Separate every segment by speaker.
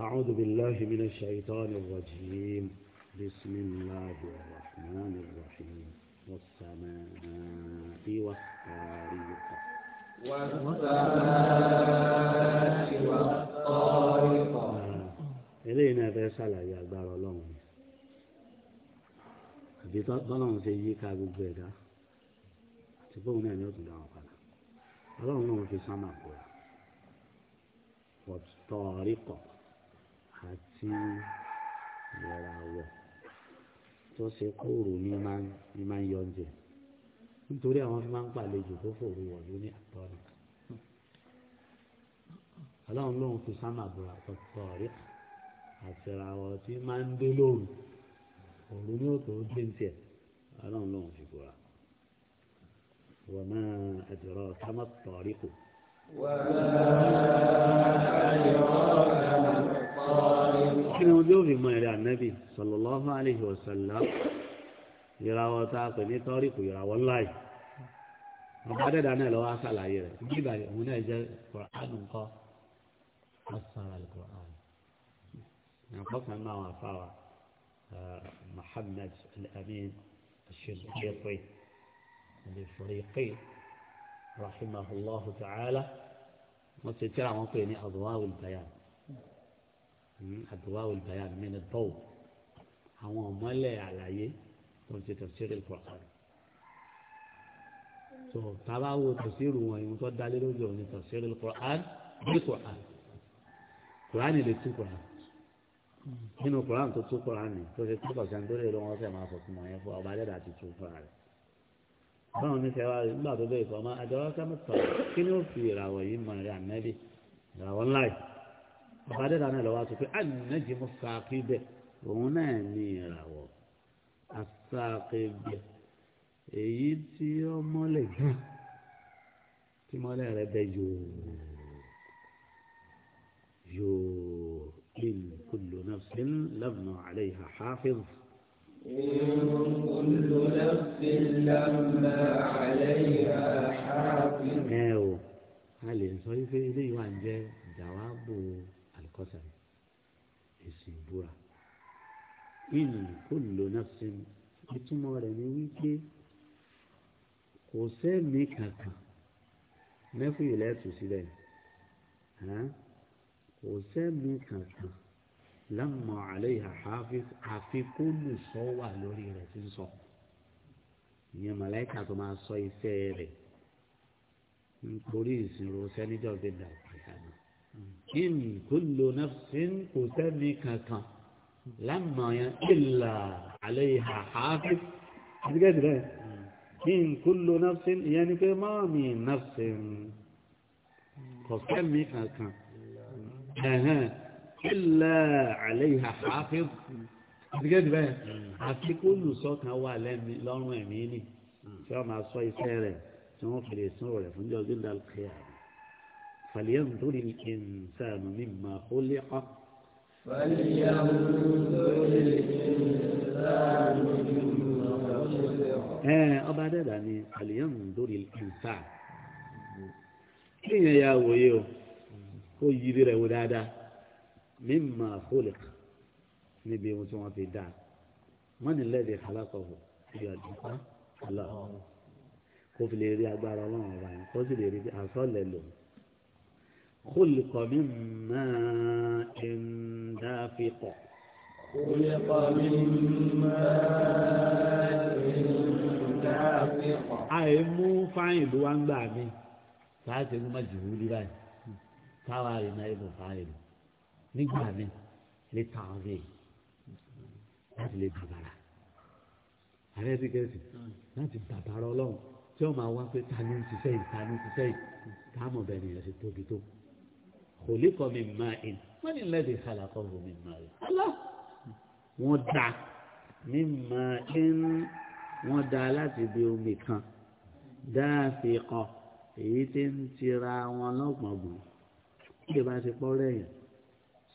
Speaker 1: أعوذ بالله من الشيطان الرجيم بسم الله الرحمن الرحيم والسماء والطارق
Speaker 2: والسماء والطارق
Speaker 1: إلينا بسالة يا دار الله àbí bọ́lọ́run ṣe yí ká gbogbo ẹ̀dá àti bóun náà ni ó tún dá wọn padà ọlọ́run náà fi sánmà pọ̀ wọ́n tọ́ ọ rí kọ̀ọ̀ àti ìlera àwọ̀ tó ṣe kóòrò ní máa ń yọ oúnjẹ nítorí àwọn fi máa ń pàlejò tó fòrò wọ̀ lóní àtọ́nà ọlọ́run lóun fi sámà bùrọ̀ àtọ̀tọ̀ rí àtìràwọ̀ tí máa ń dé lóru òru ní òtò ó dé tiẹ̀ ọlọ́run lóun fi bùrọ̀ wọ́n máa àdìrọ̀ kámọ́tọ̀ rí kù.
Speaker 2: wọ́n máa àdìrọ̀ kámọ́tọ̀ الصالحين
Speaker 1: وجو في مولى النبي صلى الله عليه وسلم يراوتا كني طريق يرا والله بعد دعنا لو اسال عليه دي بعد هنا جاء القران ان قال اسال القران نقص ما وافا محمد الامين الشيخ الشيخي رحمه الله تعالى وتترى موقعني أضواء البيان àdúrà olùbáyà mẹ́rin bọ́ọ̀ àwọn ọ̀mọ́lẹ̀ àlàyé tó ń ṣe tafsir al-Qur'an. tó tábà wo tafsir wọn ìwọ́n tó dalé lórí òní tafsir al-Qur'an bí Qur'an Qur'an lè tú Qur'an nínú Qur'an tó tú Qur'an ni tó ṣe tó kọ̀ sẹ́ni tó lè lọ́wọ́ sẹ́ máa fọ̀ fún wọn yẹn fún ọba dẹ́dà ti tú Qur'an rẹ̀. báwọn ní sẹ́wá nígbà tó bẹ́ẹ̀ kọ́ ọmọ àjọ bàbá dẹ́dà náà lọ́wọ́ sọ pé ànínàjì mú sàkíbẹ̀ òun náà ní ìràwọ̀ àsàkíbẹ̀ èyí tí ó mọ́lẹ̀ gan tí mọ́lẹ̀ rẹ̀ bẹ yòó yòó in kullu nafsin lamna alayha hafiz.
Speaker 2: إن كل نفس لما عليها حافظ.
Speaker 1: ẹ o a lè sọ ife eléyìí wà ń jẹ jàwábù o kọ́sẹ̀ èsì ìbúra ìnì kò lò náà sí ìtumọ̀ rẹ̀ ni wípé kò sẹ́mi kankan mẹ́fù yìí lẹ́tù sílẹ̀ kò sẹ́mi kankan lámọ̀ àlẹ́ ìhàhà àfikún nìṣọ́ wà lórí rẹ̀ tí ń sọ ìyẹn màláìka tó máa sọ iṣẹ́ rẹ̀ nítorí ìsinrò sẹ́níjọ́ gbẹ̀dàgbà in kullu nafsin kò sẹ́ni kankan lámàyàn ìlà àléhà hafiz àdìgẹ́dì rẹ̀ in kullu nafsin ìyẹn ni pé máa mi nafsin kò sẹ́ni kankan ìlà àléhà hafiz àdìgẹ́dì rẹ̀ àti kó lùsọ́kan wà lọ́rùn ẹ̀mí ni tí wọ́n máa sọ iṣẹ́ rẹ̀ tí wọ́n fi lè sún rẹ̀ fún jọ́gídàl فلينظر الإنسان مما خلق
Speaker 2: فلينظر الإنسان مما خلق آه
Speaker 1: أبعد يعني فلينظر الإنسان kíyàn ya wòye o kó yiri rẹ̀ wò dáadáa mímà kólìk níbi ohun tí wọ́n fi dáa mọ́ni lẹ́dí alákọ̀ọ́ ìyá dùkọ́ aláwọ̀ kó fi lè rí agbára ọlọ́run ọba yẹn kó sì lè rí asọ́lẹ̀ lòun. خلق من ماء دافق
Speaker 2: خلق من ماء دافق
Speaker 1: àìmú fáìlú wa ń gbà mí láti ẹnu má jù ú rí báyìí táwa rí náà ẹnu fáìlú nígbà láti lè bàbàrà ààrẹ ti kẹ́sì hmm. láti bàbàrà ọlọ́run tí ó máa wá pé ta ni ń ṣiṣẹ́ yìí ta ni ń ṣiṣẹ́ yìí ká mọ̀ bẹ́ẹ̀ ni ṣe tóbi tó khuliqa min ma'in man alladhi khalaqahu min ma'in Allah wọ́n dá min ma'in wọ́n dá láti bí omi kan dáàfíkọ èyí tí ń tira wọn lọ́gbọ̀n gbọ̀n kí lè bá ti pọ́ rẹ̀yìn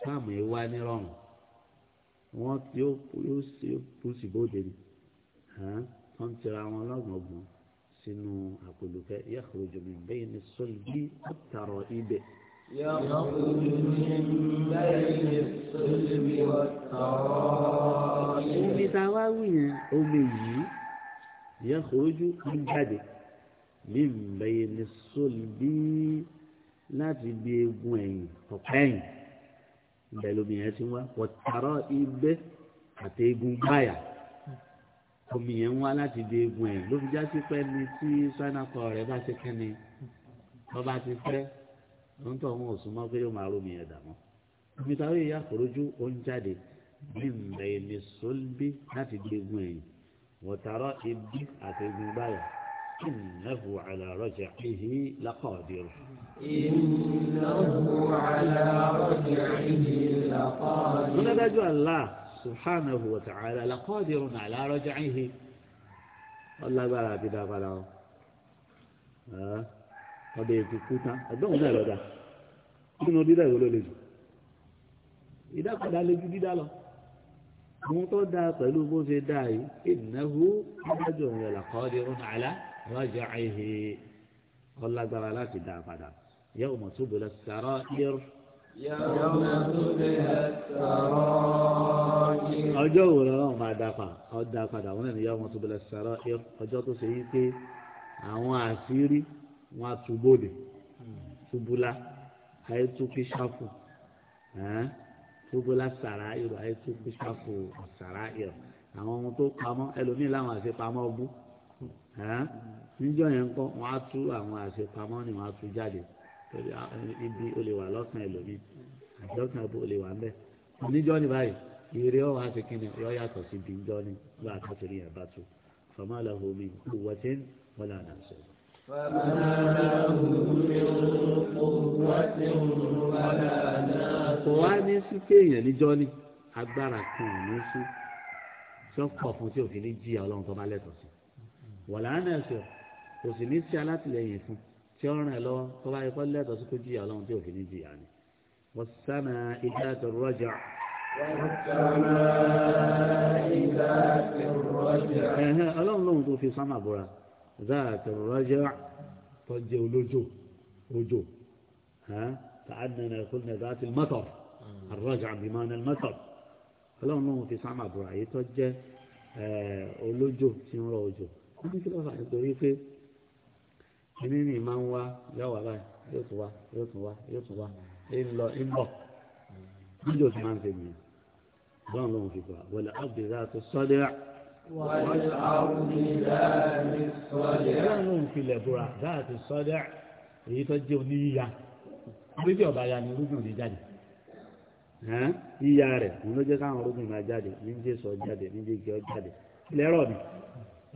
Speaker 1: sáàmù yìí wá nírọ̀rùn wọ́n yóò kú síbòde ni wọ́n ń tira wọn lọ́gbọ̀n gbọ̀n sínú àpòlùkẹ́ yàtọ̀ jùmọ̀ bẹ́ẹ̀ ni sọ́ọ̀lì bí ó tààrọ̀
Speaker 2: يخرج من بين الصلب والترائب ibi tá a wá wí yẹn
Speaker 1: omi yìí yẹ́kọ̀ọ́jú ń jáde mí ń bẹ̀yẹ ní sólì bí láti bí egun ẹ̀yìn ọ̀pẹ́ ẹ̀yìn ibẹ̀ lómi yẹn ti wá ọ̀tàrọ̀ ibẹ̀ àti egun gbáyà omi yẹn wá láti bí egun ẹ̀yìn ló fi já sí pẹ́ ni tí sọ́nà kọ rẹ̀ bá ti kẹ́ni lọ́ba ti fẹ́ àwọn tó àwọn òsùn máa pé yóò máa rómi ẹ̀dà mọ́ omi táwọn èèyàn àforójú ó ń jáde bí mbẹ ní sólbí láti gbé egun ẹ̀yìn wọ̀tàrọ̀ ibi àti egun gbáyà ìnáhu àlàrọ̀jà ìhì lápàdìrò.
Speaker 2: ìnáhu àlàrọ̀jà ìhì lápàdìrò. wọ́n dájú
Speaker 1: Allah subhanahu wa ta'ala lápàdìrò náà àlàrọ̀jà ìhì ọlágbára àti dáfàlà ọ́ ọ̀dẹ̀ ìkùkù tán àdéhùn náà lọ́dà nínú dídá ìwé ló le jù ìdápadà lè ju dídá lọ àwọn tó dáa pẹ̀lú bó ṣe dáa yìí ìnáwó adájọ́ òun rẹ̀ làkọ́ọ́dé ọ̀run àlá rọ́jò àìhè ọlágbára láti dáa padà yẹ́wò mọ̀tòbìlẹ̀ sàrọ̀ yẹ́rù. ọjọ́ wo lọ́wọ́ máa dá pa ọ́ dá padà wọ́n náà ní yẹ́wò mọ̀tòbìlẹ̀ sàrọ̀ yẹ́rù ọjọ́ tó ṣe yí pé àwọn àṣírí wọn á tu bóde tubula hmm. ayé tu kíṣàfù tubula sàrà irọ ayé tu kíṣàfù sàrà irọ àwọn ohun tó pamọ́ ẹlòmíì láwọn àṣepamọ́ bú níjọ́ yẹn kọ́ wọn á tú àwọn àṣepamọ́ ni wọn á tú jáde ibi ó lè wà lọ́sàn ẹlòmíì àjọkàn ó lè wà ń bẹ níjọ́ ní báyìí ìrè ọ wá sí kíni yọ yàtọ̀ sí bí níjọ́ ní bá a yẹn bá tu fama lahu min quwwatin wala nàṣẹ kò wá ní sí kéèyàn níjọ́ ní agbára kan ò ní sí tí wọ́n pọ̀ fún tí òfin ní jí ọlọ́run tó bá lẹ́tọ̀ọ́ sí wọ̀lá náà sọ kò sì ní sí alátìlẹyìn fún tí ó rìn lọ tó bá yẹ kó lẹ́tọ̀ọ́ sí kó jí ọlọ́run tí òfin ní jí àná wọ́n sábà ìdá tó rọ́jà. ọlọ́run lóhun tó fi sánmà bọ́ra. ذات الرجع طجوا الوجوه وجوه ها فعدنا قلنا ذات المطر آه. الرجع بمعنى المطر فلو انه في سامع برعي توجه آه ولوجو سيمرا وجو انا كده راح طريقي منيني ما هو لا والله يطوى يطوى يطوى الا الا آه. ما نسميه لو انه في برعي ولا ذات الصدع ọlọ́run ìpìlẹ̀ bora dáàtì sọ́dẹ̀ èyí tó jẹ́ oníyíya orí tí ọba ya ni orúkún òde jáde yíya rẹ̀ òun ló jẹ́ káwọn orúkún máa jáde ní jẹ́ sọ jáde ní jẹ́ gẹ́ jáde ilẹ̀ mi ọlọ́run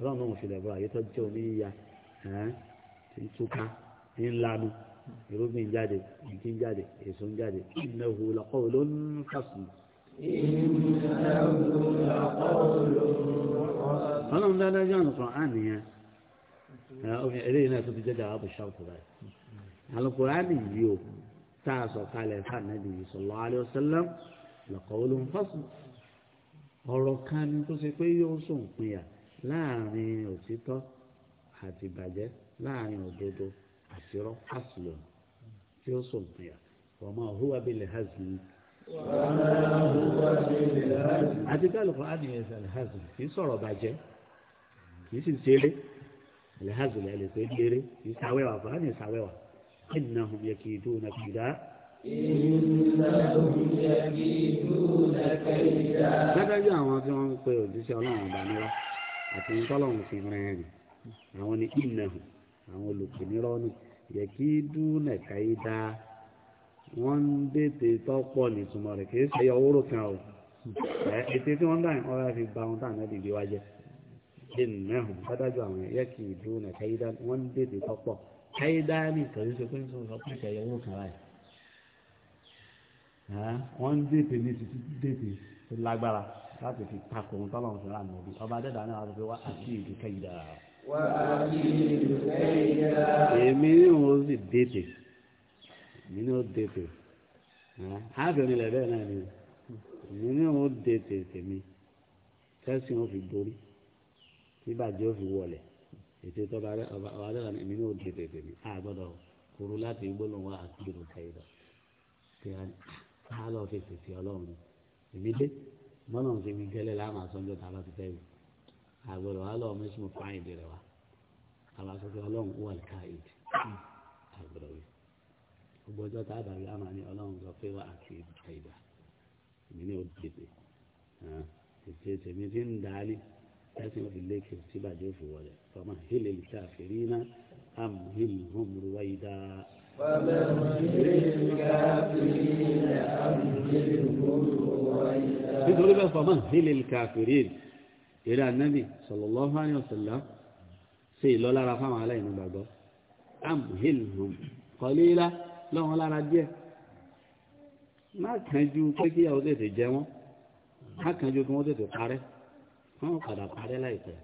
Speaker 1: náà ìpìlẹ̀ bora èyí tó jẹ́ oníyíya ìtúká ńlanu irúgbìn jáde ìkín jáde èso jáde ìnáwó lọ́kọ́ ló ń fàṣùn. ọlọ́run dáadáa jẹ́ ọ̀nà Kùránì nìyẹn eléyìí náà tó fi jẹ́jà wà bó ṣàkóso báyìí Al-Kùránì yìí o tá a sọ kalẹ̀ fún ọ̀rọ̀ kan ni tó ṣe pé yóò sùn pinya láàrin òtítọ́ àti ìbàjẹ́ láàrin òdodo àti fásilọ̀ tí ó sùn àti kálukú ádì yẹn sẹ alihazul kì í sọ̀rọ̀ bàjẹ́ kì í sì ṣeré alihazul ẹ̀ pé kì í fún àwọn tí wọ́n ń pe òjíṣẹ́ ọlọ́run àti fi rìn rìn àwọn àwọn wọ́n ń dètè tọ́pọ̀ nìtumọ̀ rẹ̀ kì í ṣe ọwọ́rò kan o ètè tí wọ́n dáhùn ọ̀rẹ́ fi gba ohun táwọn ẹ̀dì wá jẹ́ ìnáhùn sádájú àwọn ẹ̀yẹ kì í dúró nà káyídá wọ́n ń dètè tọ́pọ̀ káyídá ní ìtọ́jú ṣe pé ń sọ sọ pé ṣe ọwọ́rò kan láì wọ́n ń dètè ní títí dètè tó lágbára láti fi takò ohun tọ́lọ́run fún àmì òbí ọba dẹ́dà náà wọ́n fi wá àti ìlú káyídá. wọ́n á fi ìlú èmi ní ó dé tè ábìnrin lẹ̀ bẹ́ẹ̀ náà ni èmi ní ó dé tè tèmi tẹ́sìn ó fi borí bíbàjẹ́ ó fi wọlé ètò ìtọ́ba ọba dẹ́gbà ni èmi ní ó dé tè tèmi àgbọ̀dọ̀ kúrú láti gbólóhùn wa àkìrò kẹyìdọ̀ kí á lọ fi tètè ọlọ́run èmi dé mọ́nà ti mi gẹ́lẹ́ láàmú àsọ̀njọ́ ta lọ́ ti àgbọ̀dọ̀ wa lọ́ọ́ mẹ́sìmù fáìdì rẹ̀ wa àbàṣọ́ ti ọlọ́run wọ̀ ká ìdí àgbọ̀dọ̀ yìí gbogbo ọjọ́ tá a bá rí àmà ni ọlọ́run sọ pé wà á kì í ta ìdá èmi ní òdìdè ètò ètò èmi ti ń dàálì láti wọn fi léèkì tí bàjẹ́ òfò wọlé fọmọ hílẹ̀ lìkà fèrè iná àmú hílù hómùrú wáyé dá. nítorí bẹ́ẹ̀ fọmọ hílẹ̀ lìkà fèrè iná eré anábì sallallahu alaihi wasallam ṣe ìlọ́lára fáwọn aláìní gbàgbọ́ àmú hómùrú kọ́lé lọ́wọ́n lára díẹ̀ má kánjú
Speaker 2: pé kíyàwó tètè jẹ wọ́n má kánjú kí wọ́n tètè parẹ́ wọ́n padà parẹ́ láìpẹ́.